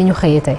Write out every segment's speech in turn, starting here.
li ñu xëyee tey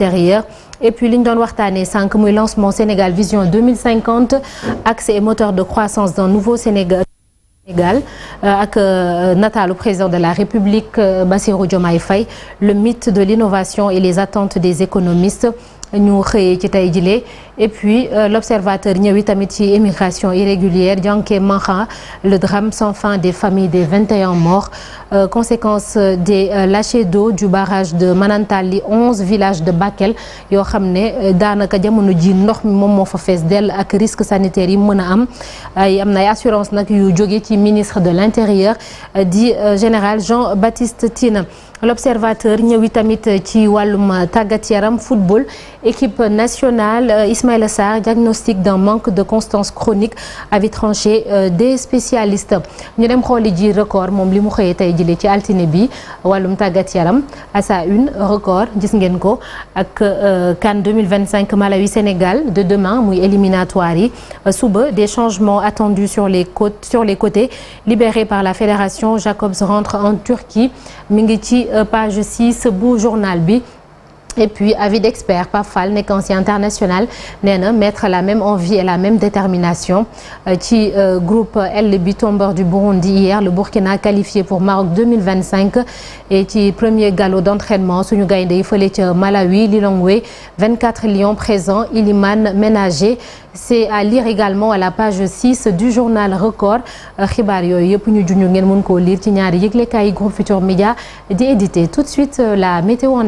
extérieur et puis li ñu doon waxtaanee sànq muy lancement Sénégal Vision 2050 accès et moteur de croissance d'un nouveau Sénégal Sénégal euh, ak euh, nataalu président de la République euh, Bassirou Diomaye Faye le mythe de l'innovation et les attentes des économistes ñu xëyee ci tey jilee et puis euh, l'observateur ñëwi tamit ci immigration irrégulière Dianké Manxa le drame sans fin des familles des 21 morts euh, conséquence des euh, lâchers d'eau du barrage de Manantali onze villages de Bakel yoo xam ne daanaka jamono ji ndox mi moom moo fa fees dell ak risque sanitaire yi mën a am ay am na assurance nag yu jóge ci ministre de l'intérieur di général Jean Baptiste tina l'observateur ñëw tamit ci wàllum tàggat yaram football équipe nationale euh, Ismaïla Sarr diagnostic d'un manque de constance chronique à l'étranger euh, des spécialistes ñu dem xooli ji record moom li mu xëyee tey jëlee ci altine bi wàllum tàggat yaram à sa une record gis ngeen ko ak euh, CAN 2025 Malawi Sénégal de demain muy éliminatoire yi suba des changements attendus sur les côtes sur les côtés libérés par la fédération Jacobs rentre en Turquie mi ngi ci Euh, page 6 bu journal bi et puis avis d'expert nekk ancien international nee na mettre la même envie et la même détermination euh, ci euh, groupe L bi tombeur du Burundi hier le Burkina qualifié pour Maroc 2025 et ci premier galop d'entraînement suñu gaynde yi fële ca Malawi Lilongwe 24 lions présents Ilimane ménagé c'est à lire également à la page 6 du journal Record euh, xibaar yooyu yëpp ñu junj ngeen mën koo lire ci ñaari yëglekaay yi groupe Média di édité tout de suite euh, la météo en